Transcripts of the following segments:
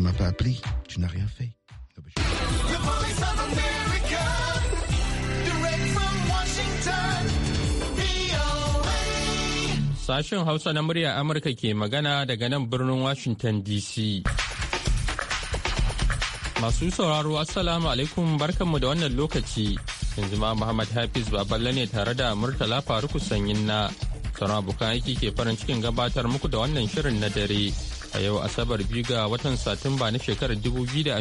Tu m'as pas appelé, tu n'as rien fait. Ah Sashen Hausa na murya Amurka ke magana daga nan birnin Washington DC. Masu sauraro Assalamu alaikum barkanmu da wannan lokaci. Yanzu ma Muhammad Hafiz Baballe ne tare da Murtala Faruku Sanyin na sauran abokan aiki ke farin cikin gabatar muku da wannan shirin na dare. a yau asabar biyu ga watan satumba na shekarar 2023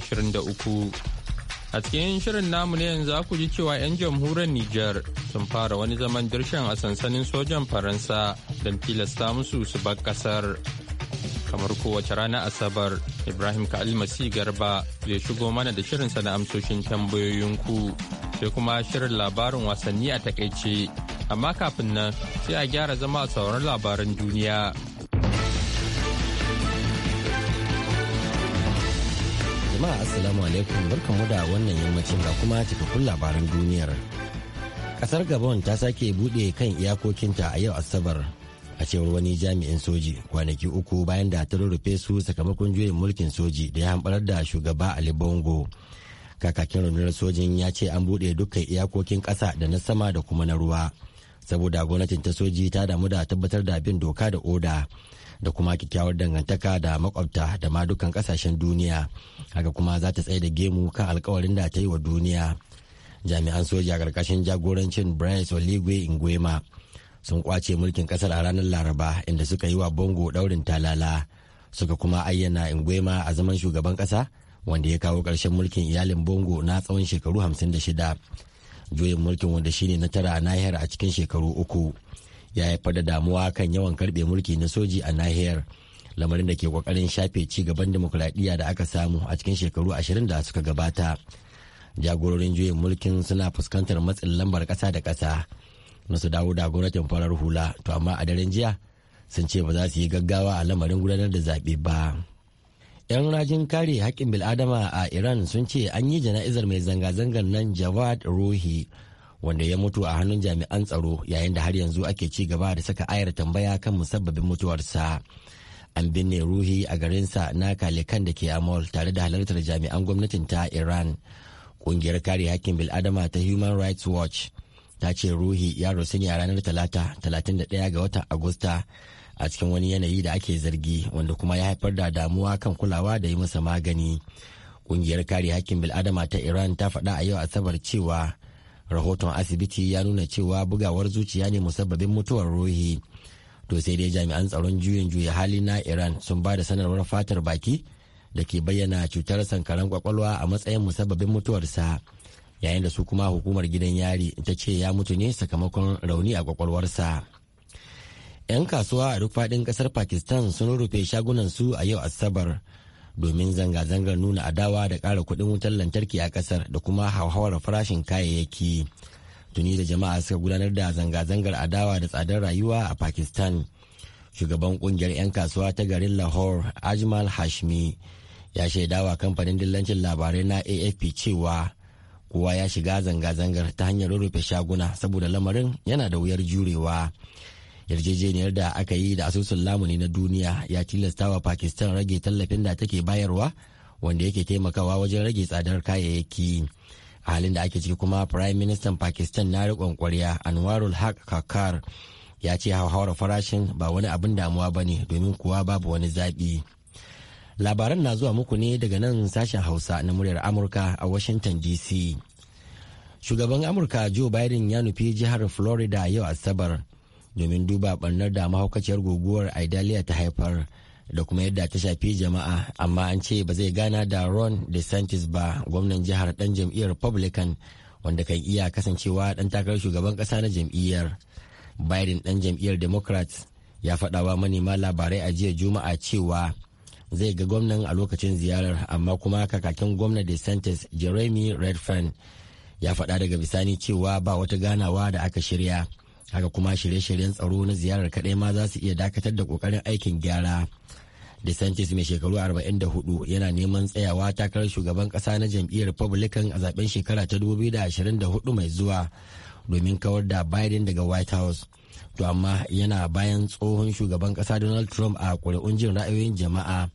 a cikin shirin namu ne yanzu ku ji cewa 'yan jamhuriyar niger sun fara wani zaman dirshan a sansanin sojan faransa don tilasta musu su bar kasar kamar kowace rana asabar ibrahim kalmasi garba zai shigo mana da shirinsa na amsoshin ku sai kuma shirin labarin wasanni a takaice amma kafin nan sai a gyara zama a sauran labaran duniya jama'a assalamu alaikum mu da wannan yammacin da kuma cikakkun labaran duniyar kasar gabon ta sake bude kan iyakokinta a yau asabar a cewar wani jami'in soji kwanaki uku bayan da ta rurrufe su sakamakon juyin mulkin soji da ya hamɓarar da shugaba ali bongo kakakin rundunar sojin ya ce an bude dukkan iyakokin ƙasa da na sama da kuma na ruwa saboda gwamnatin ta soji ta damu da tabbatar da bin doka da oda da kuma kyakkyawar dangantaka da makwabta da ma dukkan kasashen duniya haka kuma za ta tsaye da gemu kan alkawarin da ta yi wa duniya jami'an soja karkashin jagorancin bryce oligwe ingwema sun kwace mulkin kasar a ranar laraba inda suka yi wa bongo daurin talala suka kuma ayyana ingwema a zaman shugaban kasa wanda ya kawo ƙarshen mulkin iyalin bongo na tsawon shekaru 56 juyin mulkin wanda shine na tara a nahiyar a cikin shekaru uku ya haifar da damuwa kan yawan karbe mulki na soji a nahiyar lamarin da ke kokarin shafe ci gaban demokuraɗiyya da aka samu a cikin shekaru ashirin da suka gabata jagororin juyin mulkin suna fuskantar matsin lambar ƙasa da ƙasa na su dawo da gwamnatin farar hula to amma a daren jiya sun ce ba za su yi gaggawa a lamarin gudanar da zaɓe ba 'yan rajin kare haƙƙin bil'adama a iran sun ce an yi jana'izar mai zanga-zangar nan jawad rohi wanda ya mutu a hannun jami'an tsaro yayin da har yanzu ake ci gaba da saka ayar tambaya kan musabbabin mutuwarsa an binne ruhi a garinsa na kalekan da ke amol tare da halartar jami'an gwamnatin ta iran ƙungiyar kare hakkin bil'adama ta human rights watch ta ce ruhi ya rasu ne a ranar talata 31 ga watan agusta a cikin wani yanayi da ake zargi wanda kuma ya haifar da damuwa kan kulawa da yi masa magani ƙungiyar kare hakkin bil'adama ta iran ta faɗa a yau asabar cewa rahoton asibiti ya nuna cewa bugawar zuciya ne musabbabin mutuwar ruhi to sai dai jami'an tsaron juyin juya hali na iran sun ba da sanarwar fatar baki da ke bayyana cutar sankaran kwakwalwa a matsayin musabbabin mutuwarsa yayin da su kuma hukumar gidan yari ta ce ya mutu ne sakamakon rauni a kwakwalwarsa yan kasuwa a duk faɗin ƙasar pakistan sun rufe shagunansu a yau asabar domin zanga-zangar nuna adawa da ƙara kuɗin wutar lantarki a ƙasar da kuma hauhawar farashin kayayyaki tuni da jama'a suka gudanar da zanga-zangar adawa da tsadar rayuwa a pakistan shugaban ƙungiyar 'yan kasuwa ta garin lahore ajmal hashmi ya shaidawa kamfanin dillancin labarai na afp cewa kowa ya shiga zanga-zangar ta hanyar rufe shaguna saboda lamarin yana da wuyar jurewa. yarjejeniyar da aka yi da asusun lamuni na duniya ya tilasta wa pakistan rage tallafin da take bayarwa wanda yake taimakawa wajen rage tsadar kayayyaki a halin da ake ciki kuma prime minister pakistan na riƙon kwarya anwarul haq kakar ya ce hauhawar farashin ba wani abin damuwa ba ne domin kuwa babu wani zaɓi labaran na zuwa muku ne daga nan sashen hausa na muryar amurka a washington dc shugaban amurka joe biden ya nufi jihar florida yau asabar domin duba barnar da mahaukaciyar guguwar Idalia ta haifar da kuma yadda ta shafi jama'a amma an ce ba zai gana da Ron DeSantis ba gwamnan jihar dan jam'iyyar Republican wanda kan iya kasancewa dan takarar shugaban kasa na jam'iyyar. Biden dan jam'iyyar Democrat ya faɗawa manema labarai a jiya Juma'a cewa zai ga gwamnan a lokacin ziyarar amma kuma kakakin gwamna DeSantis Jeremy Redfern ya faɗa daga bisani cewa ba wata ganawa da aka shirya. haka kuma shirye-shiryen tsaro na ziyarar kaɗai ma za su iya dakatar da ƙoƙarin aikin gyara DeSantis mai shekaru 44 yana neman tsayawa takarar shugaban ƙasa na jam'iyyar Republican a zaben shekara ta 2024 mai zuwa domin kawar da Biden daga White House. To amma yana bayan tsohon shugaban ƙasa Donald Trump a kuri'un jin ra'ayoyin jama'a.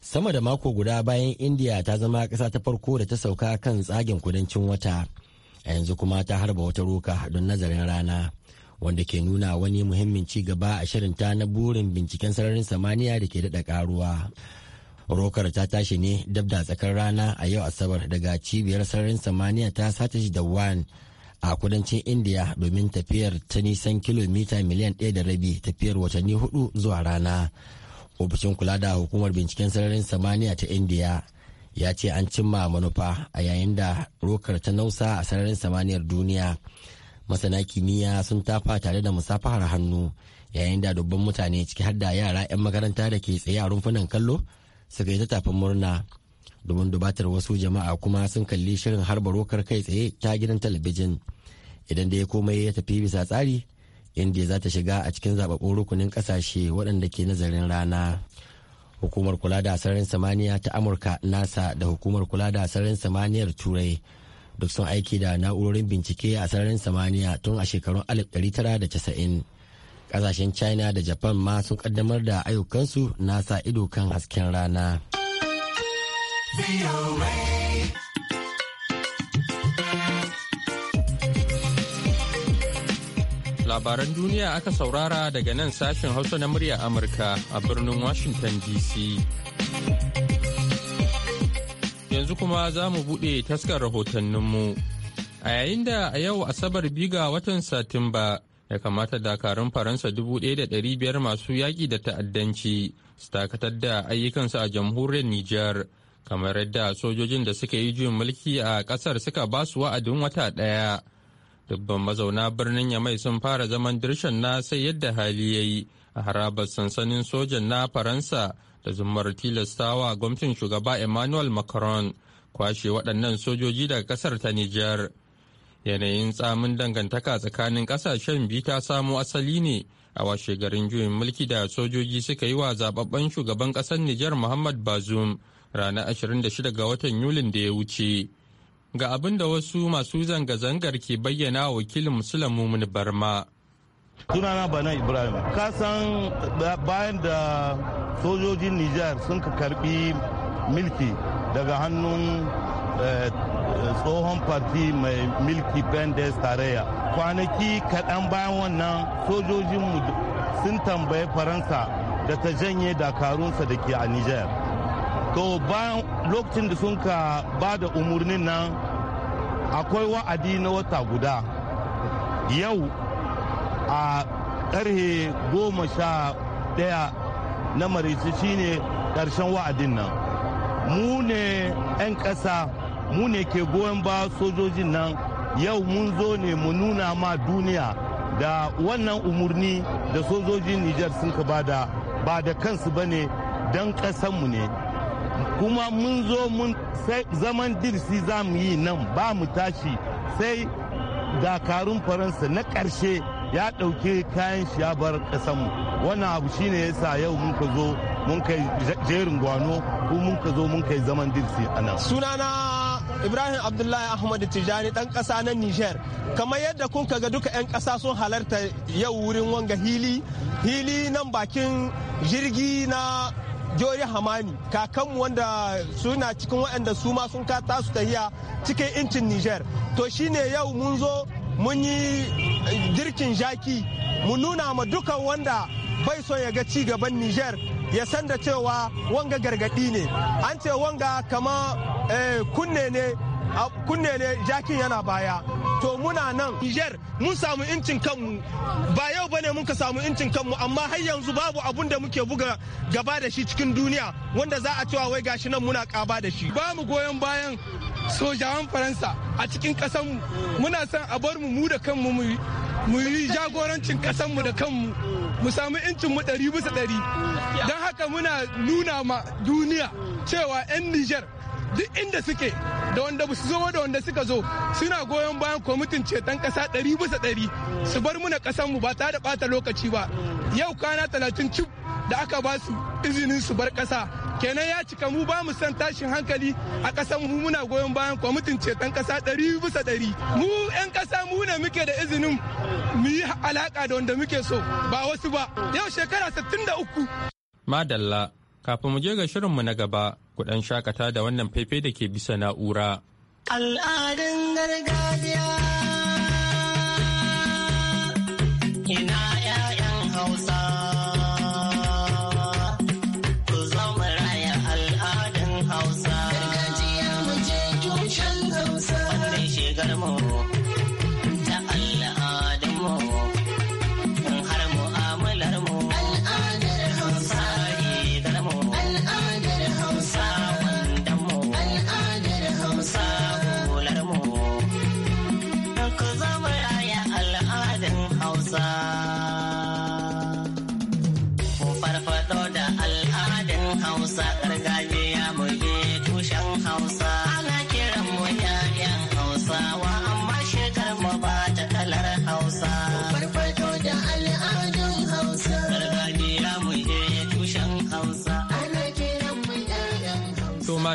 Sama da mako guda bayan India ta zama ƙasa ta farko da ta sauka kan tsagen kudancin wata. a yanzu kuma ta harba wata roka don nazarin rana wanda ke nuna wani muhimmin ci gaba a shirinta na burin binciken sararin samaniya da ke daɗa karuwa. rokar ta tashi ne dab da tsakar rana a yau asabar daga cibiyar sararin samaniya ta satish da wan a kudancin indiya domin tafiyar ta nisan kilomita miliyan ɗaya da rabi tafiyar watanni hudu zuwa rana ofishin kula da hukumar binciken sararin samaniya ta indiya. ya ce an cimma manufa a yayin da rokar ta nausa a sararin samaniyar duniya masana kimiyya sun tafa tare da musafahar hannu yayin da dubban mutane ciki har da yara 'yan makaranta da ke tsaye a rumfunan kallo suka yi ta tafin murna domin dubatar wasu jama'a kuma sun kalli shirin harba rokar kai tsaye ta gidan talabijin idan dai komai ya tafi bisa tsari inda za ta shiga a cikin zababbun rukunin kasashe waɗanda ke nazarin rana hukumar kula da sararin samaniya ta amurka nasa da hukumar kula da sararin samaniyar turai duk sun aiki da na'urorin bincike a sararin samaniya tun a shekarun 1990 kasashen china da japan ma sun kaddamar da ayyukansu nasa ido kan hasken rana. Labaran duniya aka saurara daga nan sashen Hausa na murya Amurka a birnin Washington DC. Yanzu kuma za mu buɗe taskar rahotanninmu. A yayin da a yau Asabar biga watan Satumba ya kamata dakarun Faransa 1,500 masu yaƙi da ta'addanci su dakatar da ayyukansu a jamhuriyar Nijar. kamar yadda sojojin da suka yi juyin mulki a ƙasar suka ba su wa'adin wata ɗaya. dubban mazauna birnin yamai sun fara zaman dirshan na sai yadda hali ya yi a harabar sansanin sojan na faransa da zumar tilastawa gwamnatin shugaba emmanuel macron kwashe waɗannan sojoji daga ƙasar ta nijar yanayin tsamin dangantaka tsakanin ƙasashen biyu ta samo asali ne a washe garin juyin mulki da sojoji suka yi wa zababben shugaban ƙasar nijar muhammad bazoum ranar 26 ga watan yulin da ya wuce ga abin da wasu masu zanga-zangar ke bayyana wakilin musulun mun barma sunana bana ibrahim kasan bayan da sojojin nijar sun ka karbi milki daga hannun eh, tsohon parti mai milki pendes tarayya kwanaki kaɗan bayan wannan sojojinmu sun tambayi faransa da ta janye dakarunsa da ke a nijar to bayan lokacin da sun ka ba da umarnin nan akwai wa'adi na wata guda yau a ƙarhe goma sha ɗaya na marisi shine ƙarshen wa'adin nan mu ne 'yan ƙasa mu ne ke goyon ba sojojin nan yau mun zo ne mu nuna ma duniya da wannan umarni da sojojin Nijar sun ka bada ba da kansu ba ne don ƙasanmu ne kuma mun zo mun zaman dirsi za mu yi nan ba mu tashi sai dakarun faransa na karshe ya ɗauke kayan shi ya bar ƙasanmu wannan abu shine sa yau mun ka zo mun kai jerin gwano ko mun ka zo mun kai zaman dirsi a nan sunana ibrahim abdullahi ahmad tijani dan kasa na niger kamar yadda kun ga duka 'yan kasa sun halarta yau wurin wanga hili hili nan bakin jirgi na jori hamani kakanmu wanda suna cikin waɗanda su ma sun kata su tahiya cikin incin niger to shine yau mun zo mun yi eh, girkin jaki mu nuna ma duka wanda bai son ya ga ci gaban niger ya san da cewa wanga gargaɗi ne an ce wanga kama eh, kunne kunne ne jakin yana baya to muna nan Niger mun samu incin kanmu ba yau bane mun ka samu incin kanmu amma har yanzu babu abun da muke buga gaba da shi cikin duniya wanda za a cewa wai gashi nan muna kaba da shi ba mu goyon bayan sojawan faransa a cikin kasanmu muna son a bar mu mu da kanmu mu yi jagorancin kasanmu da kanmu mu samu incin mu ɗari bisa ɗari don haka muna nuna ma duniya cewa 'yan nijar duk inda suke da wanda su zo da wanda suka zo suna goyon bayan kwamitin ceton kasa ɗari bisa ɗari su bar muna ƙasar mu ba tare da ɓata lokaci ba yau kana talatin cif da aka ba su izinin su bar ƙasa kenan ya cika mu ba mu san tashin hankali a ƙasar mu muna goyon bayan kwamitin ceton ƙasa ɗari bisa ɗari mu 'yan ƙasa mu ne muke da izinin mu yi alaƙa da wanda muke so ba wasu ba yau shekara 63. madalla kafin mu je ga shirin mu na gaba ku dan shakata da wannan faifai da ke bisa na'ura. Al'adun gargajiya ina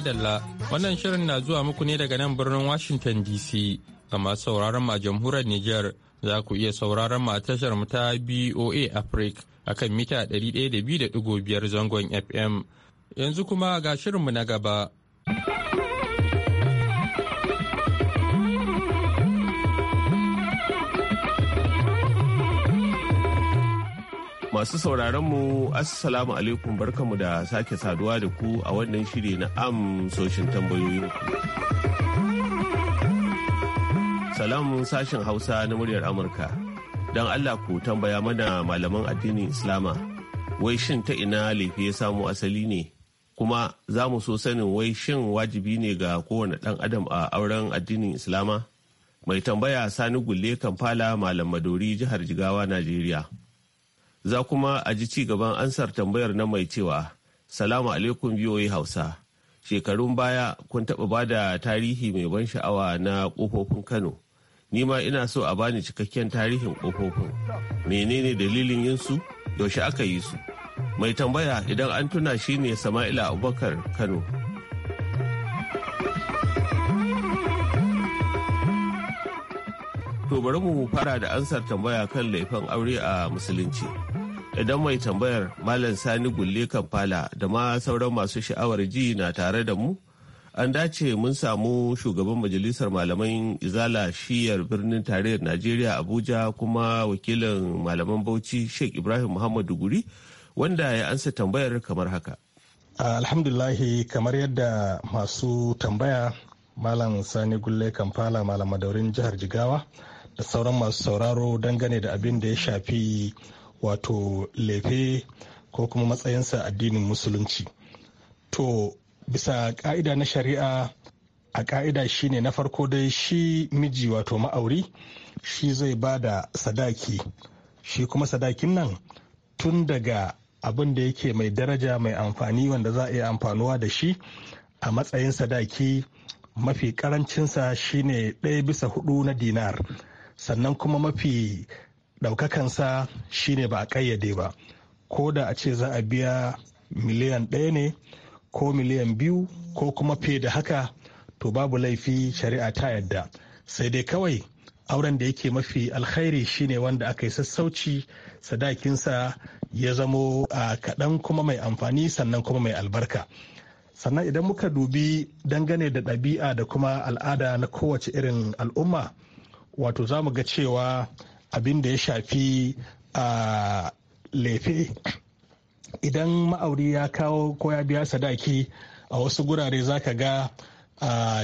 madalla wannan shirin na zuwa muku ne daga nan birnin Washington DC ga masu sauraron ma jamhuriyar niger za ku iya sauraron ma tashar mu ta BOA Africa akan mita 102.5 zangon FM yanzu kuma ga shirinmu na gaba. Masu sauraron mu Assalamu alaikum barkamu da sake saduwa da ku a wannan shiri na amsoshin tambayoyin salam sashen Hausa na muryar Amurka. Don Allah ku tambaya mana malaman addinin Islama. Wai shin ta ina laifi ya samu asali ne? Kuma za mu so sanin wai shin wajibi ne ga kowane ɗan adam a auren addinin Islama? Mai tambaya Sani Gulle Kamfala Malam Madori jihar Jigawa, Najeriya. za kuma a ji ci gaban ansar tambayar na mai cewa salamu alaikum biyoyi hausa shekarun baya kun taɓa ba da tarihi mai ban sha'awa na ƙofofin kano ni ma ina so a bani cikakken tarihin ƙofofin menene dalilin yinsu? yaushe aka yi su mai tambaya idan an tuna shi ne sama'ila abubakar kano to bari mu fara da ansar tambaya kan laifin aure a musulunci idan mai tambayar malam sani gulle kamfala da ma sauran masu sha'awar ji na tare da mu an dace mun samu shugaban majalisar malaman izala shiyar birnin tarayyar najeriya abuja kuma wakilin malaman bauchi sheikh ibrahim muhammadu guri wanda ya ansa tambayar kamar haka alhamdulahi kamar yadda masu tambaya malam sani gulle kamfala malam madaurin jihar jigawa da sauran masu sauraro dangane da abin da ya shafi wato lefe ko kuma matsayinsa addinin musulunci to bisa ka'ida na shari'a a ka'ida shine na farko dai shi miji wato ma'auri shi zai ba da sadaki shi kuma sadakin nan tun daga abin da yake mai daraja mai amfani wanda za a iya amfanuwa da shi a matsayin sadaki mafi karancinsa shine ɗaya bisa hudu na dinar sannan kuma mafi ɗaukakansa shine ba a ƙayyade ba ko da a ce za a biya miliyan ɗaya ne ko miliyan biyu ko kuma fiye da haka to babu laifi shari'a ta yadda sai dai kawai auren da yake mafi alkhairi shine wanda aka yi sassauci sadakinsa ya zamo a kaɗan kuma mai amfani sannan kuma mai albarka sannan idan muka dubi dangane da ɗabi'a da kuma al'ada na kowace irin al'umma wato za mu ga cewa abin da ya shafi a lefe idan ma'auri ya kawo ko ya biya sadaki a wasu gurare za ka ga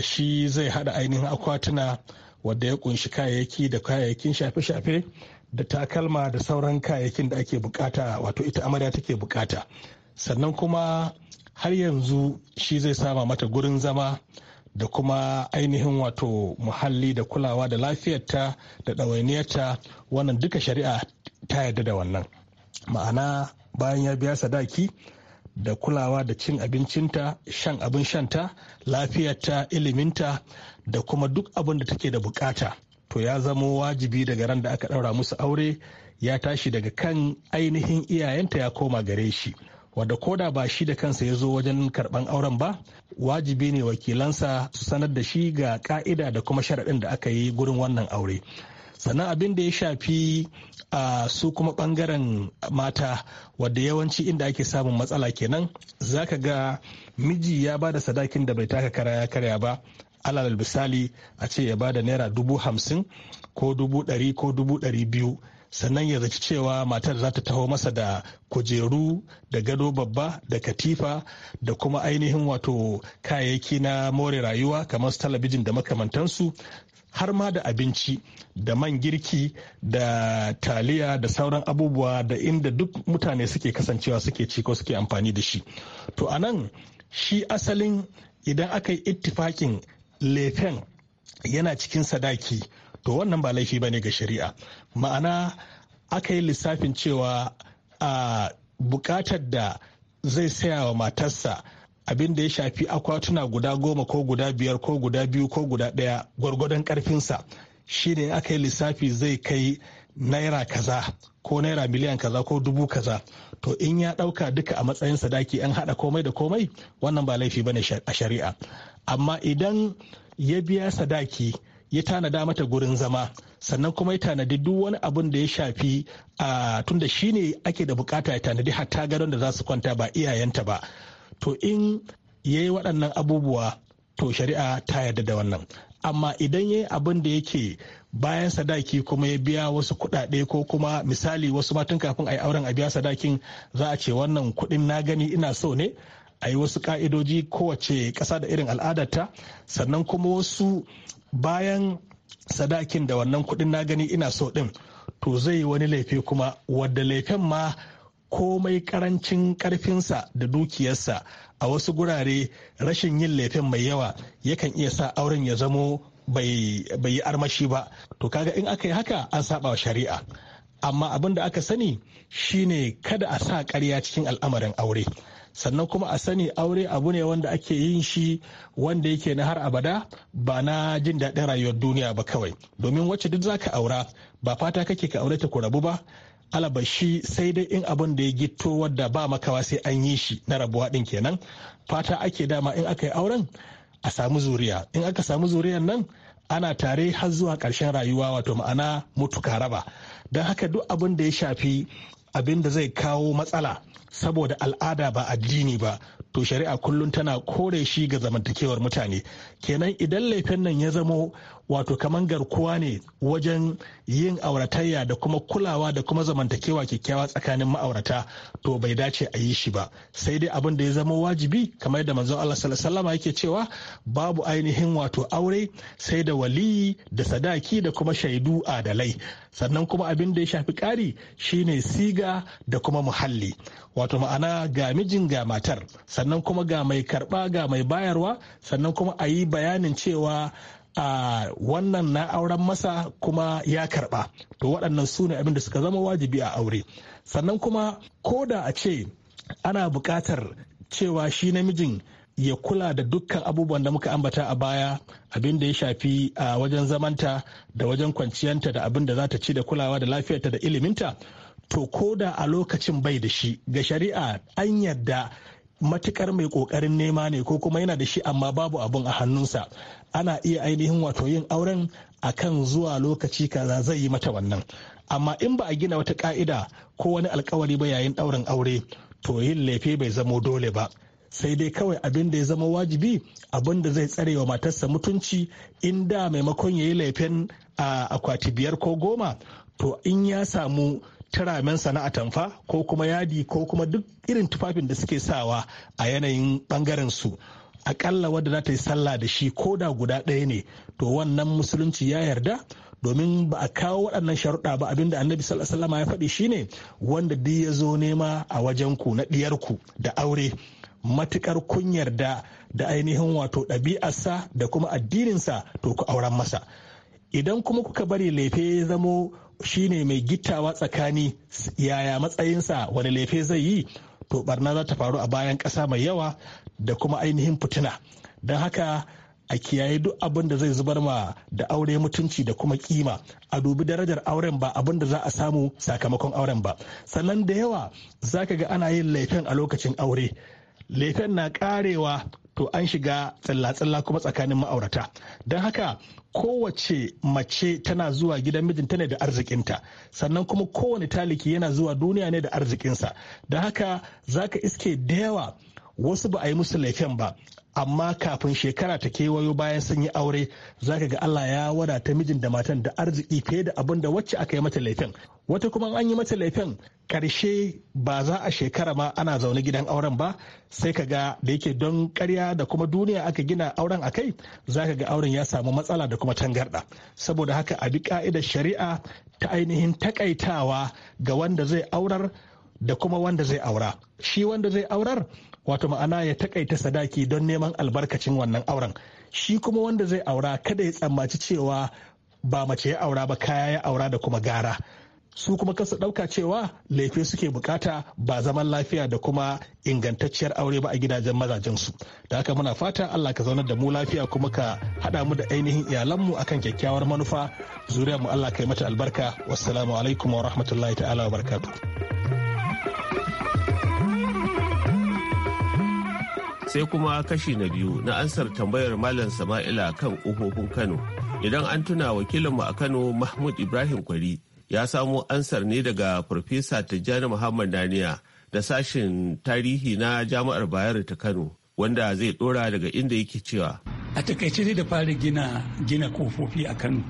shi zai hada ainihin akwatuna wadda ya kunshi kayayyaki da kayayyakin shafe-shafe da takalma da sauran kayayyakin da ake bukata wato ita amarya take bukata sannan kuma har yanzu shi zai sama mata gurin zama da kuma ainihin wato muhalli da kulawa da lafiyarta da ɗawainiyarta wannan duka shari'a ta yarda da wannan ma'ana bayan ya biya sadaki da kulawa da cin abincinta shan abin shanta lafiyarta iliminta da kuma duk abin da take da bukata to ya zamo wajibi daga ran da aka ɗaura musu aure ya tashi daga kan ainihin iyayenta ya koma gare shi wadda koda ba shi da kansa ya zo wajen karban auren ba wajibi ne wakilansa su sanar da shi ga ka'ida da kuma sharaɗin da aka yi gurin wannan aure sannan abin da ya shafi a su kuma bangaren mata wadda yawanci inda ake samun matsala kenan za ka ga miji ya ba da sadakin da bai taka kara ya karya ba alal misali a ce ya ba da naira dubu hamsin ko dubu dari ko dubu dari biyu sannan ya zaci cewa matar za ta taho masa da kujeru da gado babba da katifa da kuma ainihin wato kayayyaki na more rayuwa kamar su talabijin da makamantansu har ma da abinci da man girki da taliya da sauran abubuwa da inda duk mutane suke kasancewa suke ci ko suke amfani da shi to a nan shi asalin idan aka yi ittifakin lefen yana cikin sadaki to wannan ba laifi bane ga shari'a ma'ana aka yi lissafin cewa a bukatar da zai saya wa matarsa abin da ya shafi akwatuna guda goma ko guda biyar ko guda biyu ko guda ɗaya gwargwadon ƙarfinsa shine aka yi lissafi zai kai naira kaza ko naira miliyan kaza ko dubu kaza to in ya ɗauka duka a matsayin sadaki an haɗa komai da komai wannan ba laifi bane a shari'a amma idan ya biya sadaki ya tanada mata gurin zama sannan kuma ya tanadi duk wani abun da ya shafi a tunda shine ake da bukata ya tanadi hatta gadon da za su kwanta ba iyayenta ba to in ya yi waɗannan abubuwa to shari'a ta yarda da wannan amma idan ya yi abin da yake bayan sadaki kuma ya biya wasu kuɗaɗe ko kuma misali wasu matun kafin a yi auren a biya sadakin za a ce wannan kuɗin na gani ina so ne a yi wasu ka'idoji kowace ƙasa da irin al'adarta sannan kuma wasu bayan sadakin da wannan kuɗin na gani ina so ɗin to zai yi wani laifi kuma wadda laifin ma komai karancin karfinsa da dukiyarsa a wasu gurare rashin yin laifin mai yawa yakan iya sa auren ya zamo bai yi armashi ba to kaga in aka yi haka an saba wa shari'a amma abin da aka sani shine kada a sa karya cikin al'amarin aure sannan kuma a sani aure abu ne wanda ake yin shi wanda yake na har abada ba na jin daɗin rayuwar duniya ba kawai domin wacce duk zaka aura ba fata kake ka aure ta ku rabu ba shi sai dai in abin da ya gito wadda ba makawa sai an yi shi na rabuwa ɗin kenan fata ake dama in aka yi auren a samu zuriya in aka samu zuriyar nan ana tare har zuwa ƙarshen rayuwa wato ma'ana mutu ka raba don haka duk abin da ya shafi abin da zai kawo matsala saboda al'ada ba addini ba to shari'a kullum tana kore shi ga zamantakewar mutane kenan idan laifin nan ya zamo wato kaman garkuwa ne wajen yin auratayya da kuma kulawa da kuma zamantakewa kyakkyawa tsakanin ma'aurata to bai dace a yi shi ba sai dai abin da ya zama wajibi kamar da manzon Allah sallallahu yake cewa babu ainihin wato aure sai da wali da sadaki da kuma shaidu adalai sannan kuma abin da ya shafi ƙari shine siga da kuma muhalli wato ma'ana ga mijin ga matar sannan kuma ga mai karba ga mai bayarwa sannan kuma a yi bayanin cewa a wannan na auren masa kuma ya karba to waɗannan su ne abin da suka zama wajibi a aure sannan kuma ko da a ce ana buƙatar cewa shi namijin ya kula da dukkan abubuwan da muka ambata a baya abin da ya shafi a wajen zamanta da wajen kwanciyanta da abin da za ta ci da kulawa da lafiyarta da iliminta to ko da a lokacin bai da shi ga shari'a an yadda matukar mai kokarin nema ne ko kuma yana da shi amma babu abun a hannunsa ana iya ainihin wato yin auren a kan zuwa lokaci kaza zai yi mata wannan amma in ba a gina wata ka'ida ko wani alkawari ba yayin ɗaurin aure to yin laifi bai zamo dole ba sai dai kawai abin da ya zama wajibi abin da zai tsare wa matarsa mutunci in da maimakon ya yi laifin a akwati biyar ko goma to in ya samu turamen sana'a tamfa ko kuma yadi ko kuma duk irin tufafin da suke sawa a yanayin bangaren su akalla wanda za ta yi sallah da shi ko da guda ɗaya ne to wannan musulunci ya yarda domin ba a kawo waɗannan sharuɗa ba abinda annabi sallama ya faɗi shine wanda duk ya zo nema a wajen ku na ɗiyarku da aure matukar kun yarda da ainihin wato ɗabi'arsa da kuma addininsa to ku auren masa idan kuma kuka bari lefe ya zamo shine mai gittawa tsakani yaya matsayinsa wani lefe zai yi to barna za ta faru a bayan ƙasa mai yawa da kuma ainihin fitina don haka a kiyaye duk abin da zai zubar ma da aure mutunci da kuma kima a dubi darajar auren ba abin da za a samu sakamakon auren ba sannan da yawa za ga ana yin laifin a lokacin aure laifin na karewa to an shiga tsalla-tsalla kuma tsakanin ma'aurata don haka kowace mace tana zuwa gidan mijinta ne da arzikinta sannan kuma kowane taliki yana zuwa duniya ne da arzikinsa don haka za ka iske da yawa wasu ba a yi musu laifin ba amma kafin shekara ta kewayo bayan sun yi aure za ka ga Allah ya wadata mijin da matan da arziki fiye da abin da wacce aka yi mata laifin wata kuma an yi mata laifin karshe ba za a shekara ma ana zaune gidan auren ba sai ka ga da yake don karya da kuma duniya aka gina auren a kai za ka ga auren ya samu matsala da kuma tangarda saboda haka a bi ka'idar shari'a ta ainihin takaitawa ga wanda zai aurar da kuma wanda zai aura shi wanda zai aurar wato ma'ana ya takaita sadaki don neman albarkacin wannan auren shi kuma wanda zai aura kada ya tsammaci cewa ba mace ya aura ba kaya ya aura da kuma gara su kuma kasa ɗauka cewa laifi suke bukata ba zaman lafiya da kuma ingantacciyar aure ba a gidajen mazajensu da haka muna fata allah ka zaunar da mu lafiya kuma ka haɗa mu da ainihin iyalanmu akan kyakkyawar manufa zuriyarmu allah ka mata albarka wassalamu alaikum wa rahmatullahi ta'ala wa barakatuh sai kuma kashi na biyu na ansar tambayar malam sama'ila kan ƙofofin kano idan an tuna wakilinmu a kano mahmud ibrahim kwari ya samo ansar ne daga farfesa tijjani muhammad daniya da sashen tarihi na jami'ar bayero ta kano wanda zai dora daga inda yake cewa a takaice ne da fara gina gina kofofi a kano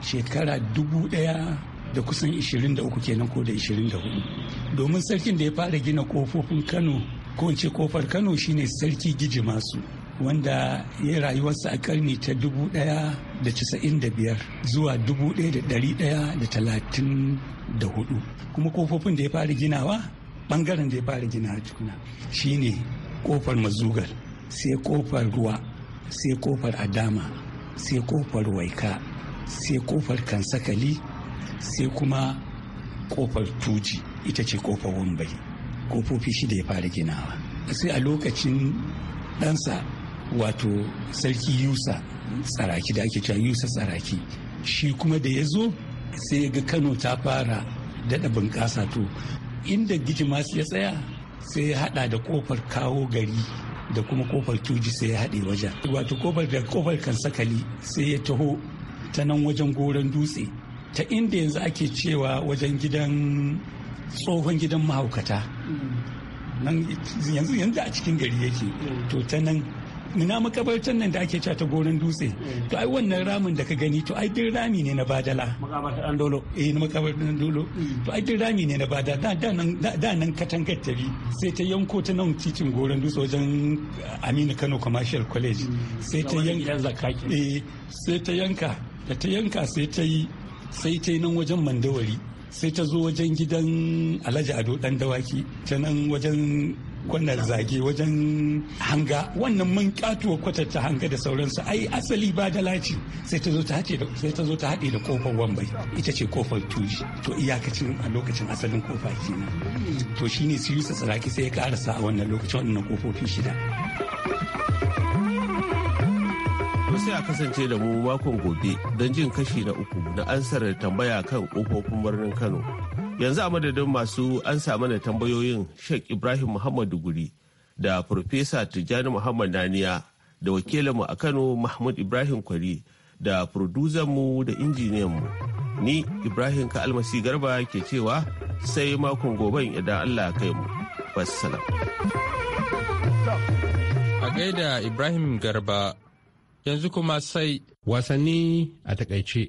shekara dubu daya da kusan 23 kenan ko da 24 domin sarkin da ya fara gina kofofin kano ko in ce kofar kano shine sarki giji masu wanda ya rayuwarsa a karni ta dubu da da biyar zuwa dubu da da da talatin 1134 kuma kofofin da ya fara ginawa bangaren da ya fara gina tukuna shine kofar mazugar sai kofar ruwa sai kofar adama sai kofar waika sai kofar kansakali sai kuma kofar tuji ita ce kofar wambai kofofi shida ya fara ginawa sai a lokacin ɗansa wato sarki yusa tsaraki da ake cewa yusa tsaraki shi kuma da ya zo sai ya ga kano ta fara daɗa bunƙasa to inda gijimas ya tsaya sai ya haɗa da ƙofar kawo gari da kuma ƙofar tuji sai ya haɗe wajen wato ƙofar da ƙofar kansakali sai ya taho ta nan wajen goron dutse ta inda yanzu ake cewa wajen gidan tsohon gidan mahaukata nan yanzu yanzu a cikin gari yake to ta nan na makabartar nan da ake cewa ta goron dutse to ai wannan ramin da ka gani to ai din rami ne na badala makabartar dolo eh na makabartar dolo mm. to ai din rami ne na badala da nan da nan katangar tabi sai ta yanko ta nan titin goron dutse wajen Aminu Kano Commercial College mm. sai ta yanka eh sai ta yanka da ta yanka sai ta yi sai ta yi nan wajen mandawari sai ta zo wajen gidan alhaji ado dan dawaki ta nan wajen kwanar zage wajen hanga wannan mun katuwa kwatanta hanga da sauransu ai asali ba da laci sai ta zo ta haɗe da sai ta zo ta haɗe da kofar wambai ita ce kofar tuji to iyakacin a lokacin asalin kofa kenan to shine su sa tsaraki sai ya karasa a wannan lokacin wannan kofofin shida kuma sai a kasance da mu makon gobe don jin kashi na uku na ansar tambaya kan kofofin birnin Kano. Yanzu a madadin masu an mana tambayoyin Sheikh Ibrahim Muhammadu Guri da Farfesa Tijjani Muhammad Naniya da wakilinmu a Kano Mahmud Ibrahim Kwari da mu da injiniyanmu. Ni Ibrahim ka almasi Garba ke cewa sai makon gobe idan Allah kai mu. Wassalam. A gaida Ibrahim Garba Yanzu kuma sai wasanni a takaice.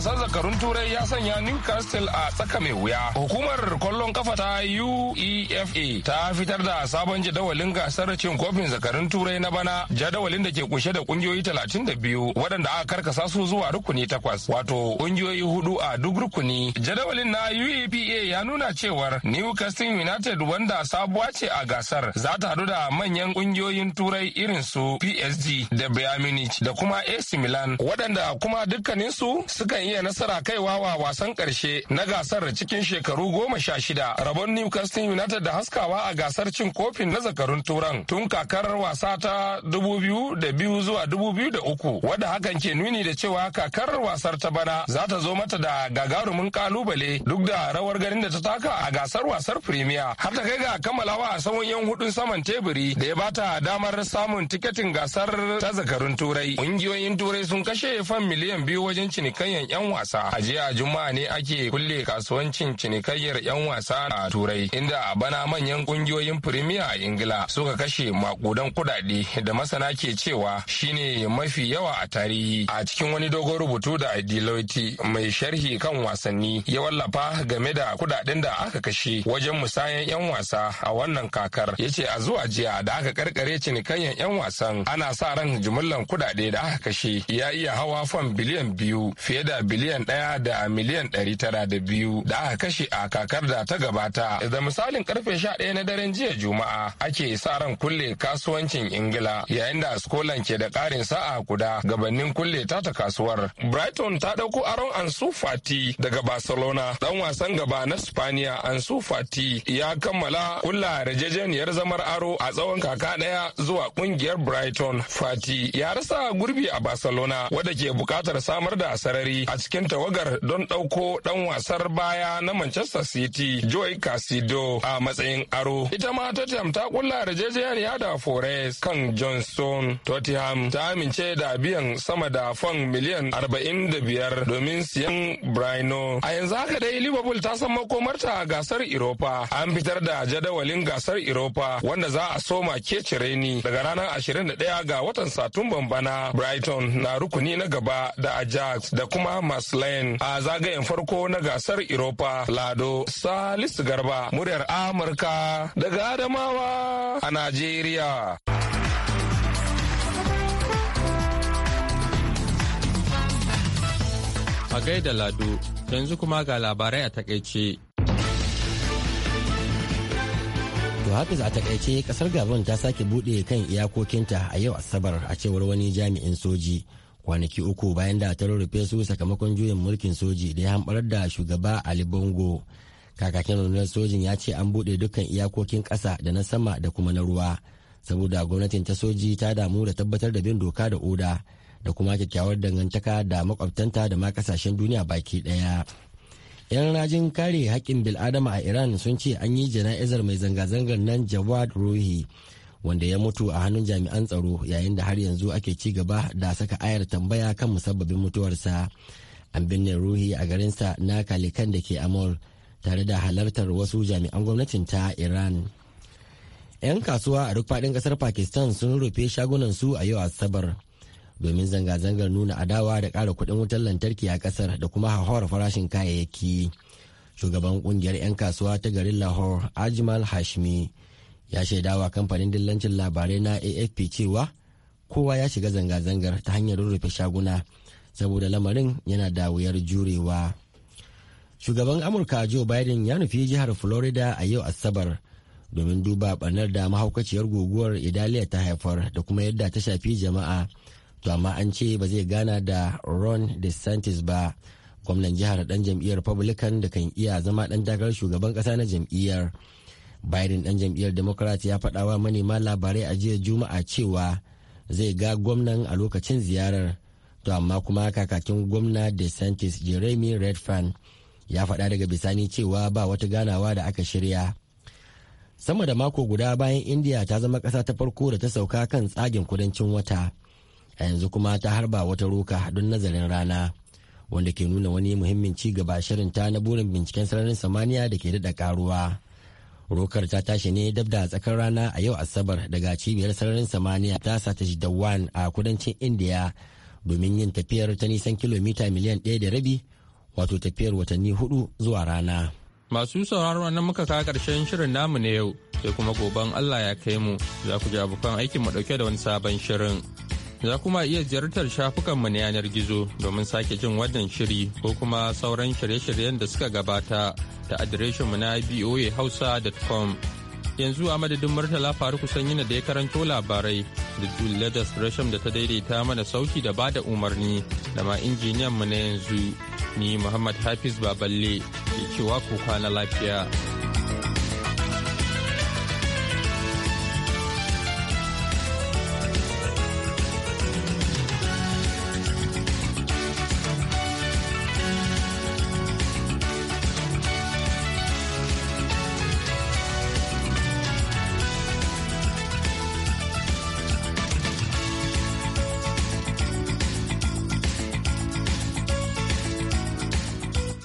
gasar zakarun turai ya sanya newcastle a tsaka mai wuya hukumar kwallon kafa ta uefa ta fitar da sabon jadawalin gasar cin kofin zakarun turai na bana jadawalin da ke kunshe da kungiyoyi talatin da biyu waɗanda aka karkasa su zuwa rukuni takwas wato kungiyoyi hudu a duk rukuni jadawalin na uefa ya nuna cewar newcastle united wanda sabuwa ce a gasar za ta haɗu da manyan kungiyoyin turai irin su psg da bayern munich da kuma ac milan waɗanda kuma dukkaninsu sukan iya nasara kaiwa wa wasan karshe na gasar cikin shekaru goma sha shida rabon newcastle united da haskawa a gasar cin kofin na zakarun turan tun kakar wasa ta dubu da biyu zuwa dubu biyu da wadda hakan ke nuni da cewa kakar wasar ta bana za ta zo mata da gagarumin kalubale duk da rawar ganin da ta taka a gasar wasar premier har ta kai ga kammalawa a tsawon yan hudun saman teburi da ya bata damar samun tiketin gasar ta zakarun turai ƙungiyoyin turai sun kashe fan miliyan biyu wajen cinikayyan yan 'yan wasa a jiya juma'a ne ake kulle kasuwancin cinikayyar 'yan wasa a turai inda a bana manyan kungiyoyin firimiya a ingila suka kashe makudan kudade da masana ke cewa shine mafi yawa a tarihi a cikin wani dogon rubutu da deloitte mai sharhi kan wasanni ya wallafa game da kudaden da aka kashe wajen musayan 'yan wasa a wannan kakar ya ce a zuwa jiya da aka karkare cinikayyar 'yan wasan ana sa ran jumillan kudade da aka kashe ya iya hawa fam biliyan biyu fiye da biliyan ɗaya da miliyan ɗari tara da biyu da aka kashe a kakar da ta gabata da misalin karfe sha ɗaya na daren jiya juma'a ake sa ran kulle kasuwancin ingila yayin da scotland ke da ƙarin sa'a guda gabanin kulle ta ta kasuwar brighton ta ɗauko aron ansu fati daga barcelona ɗan wasan gaba na spaniya ansu fati ya kammala kulla rajajeniyar zamar aro a tsawon kaka ɗaya zuwa ƙungiyar brighton fati ya rasa gurbi a barcelona wadda ke buƙatar samar da sarari a cikin tawagar don ɗauko ɗan wasar baya na Manchester City Joy Casido a matsayin aro. Ita ma Tottenham ta kulla yarjejeniya da Forest kan Johnson. Tottenham ta amince da biyan sama da fan miliyan 45 domin siyan Brino. A yanzu haka dai Liverpool ta san makomarta a gasar Europa. An fitar da jadawalin gasar Europa wanda za a soma ke reni daga ranar 21 ga watan Satumban bana. Brighton na rukuni na gaba da Ajax da kuma Thomas a zagayen farko na gasar Europa Lado Salisu Garba muryar Amurka daga Adamawa a Najeriya. A gaida Lado, yanzu kuma ga labarai a takaice. To Hafiz a takaice kasar Gabon ta sake bude kan iyakokinta a yau Asabar a cewar wani jami'in soji kwanaki uku bayan da ta rurrufe su sakamakon juyin mulkin soji da ya hamɓarar da shugaba ali bongo kakakin rundunar sojin ya ce an buɗe dukkan iyakokin ƙasa da na sama da kuma na ruwa saboda gwamnatin ta soji ta damu da tabbatar da bin doka da oda da kuma kyakkyawar dangantaka da makwabtanta da ma kasashen duniya baki ɗaya. 'yan rajin kare haƙƙin bil'adama a iran sun ce an yi jana'izar mai zanga-zangar nan jawad ruhi. wanda ya mutu a hannun jami'an tsaro yayin da har yanzu ake ci gaba da saka ayar tambaya kan musabbabin mutuwarsa an binne ruhi a garinsa na kalikan da ke amur tare da halartar wasu jami'an gwamnatin ta iran 'yan kasuwa a duk faɗin ƙasar pakistan sun rufe shagunan su a yau asabar domin zanga-zangar nuna adawa da ƙara kuɗin wutar lantarki a ƙasar da kuma hauhawar farashin kayayyaki shugaban ƙungiyar 'yan kasuwa ta garin lahore ajmal hashmi ya shaidawa kamfanin dillancin labarai na afp cewa kowa ya shiga zanga-zangar ta hanyar rurrufe shaguna saboda lamarin yana da wuyar jurewa shugaban amurka joe biden ya nufi jihar florida a yau asabar domin duba ɓarnar da mahaukaciyar guguwar idaliya ta haifar da kuma yadda ta shafi jama'a to amma an ce ba zai gana da ron desantis ba gwamnan jihar dan jam'iyyar republican da kan iya zama dan takarar shugaban kasa na jam'iyyar biden dan jam'iyyar democrat ya faɗawa manema labarai a jiya juma'a cewa zai ga gwamnan a lokacin ziyarar to amma kuma kakakin gwamna de desantis jeremy redfern ya faɗa daga bisani cewa ba wata ganawa da aka shirya sama da mako guda bayan india ta zama ƙasa ta farko da ta sauka kan tsagin kudancin wata a yanzu kuma ta harba wata roka don nazarin rana wanda ke nuna wani muhimmin ci gaba shirinta na burin binciken sararin samaniya da ke daɗa ƙaruwa. rokar ta tashi ne dab da tsakar rana a yau asabar daga cibiyar sararin samaniya ta sata dawan a kudancin indiya domin yin tafiyar ta nisan kilomita miliyan ɗaya da rabi wato tafiyar watanni hudu zuwa rana masu sauraron nan muka kawo karshen shirin namu na yau sai kuma goben allah ya kai mu za ku ji abokan aikin mu dauke da wani sabon shirin za kuma iya ziyartar shafukanmu na yanar gizo domin sake jin wannan shiri ko kuma sauran shirye-shiryen da suka gabata ta adireshinmu na voahausa.com. Yanzu a madadin Murtala kusan Sanyina da ya karanto labarai da da Gresham da ta daidaita mana sauki da ba da umarni da ma injiniyan mu na yanzu ni Muhammad Hafiz Baballe ke cewa ku kwana lafiya.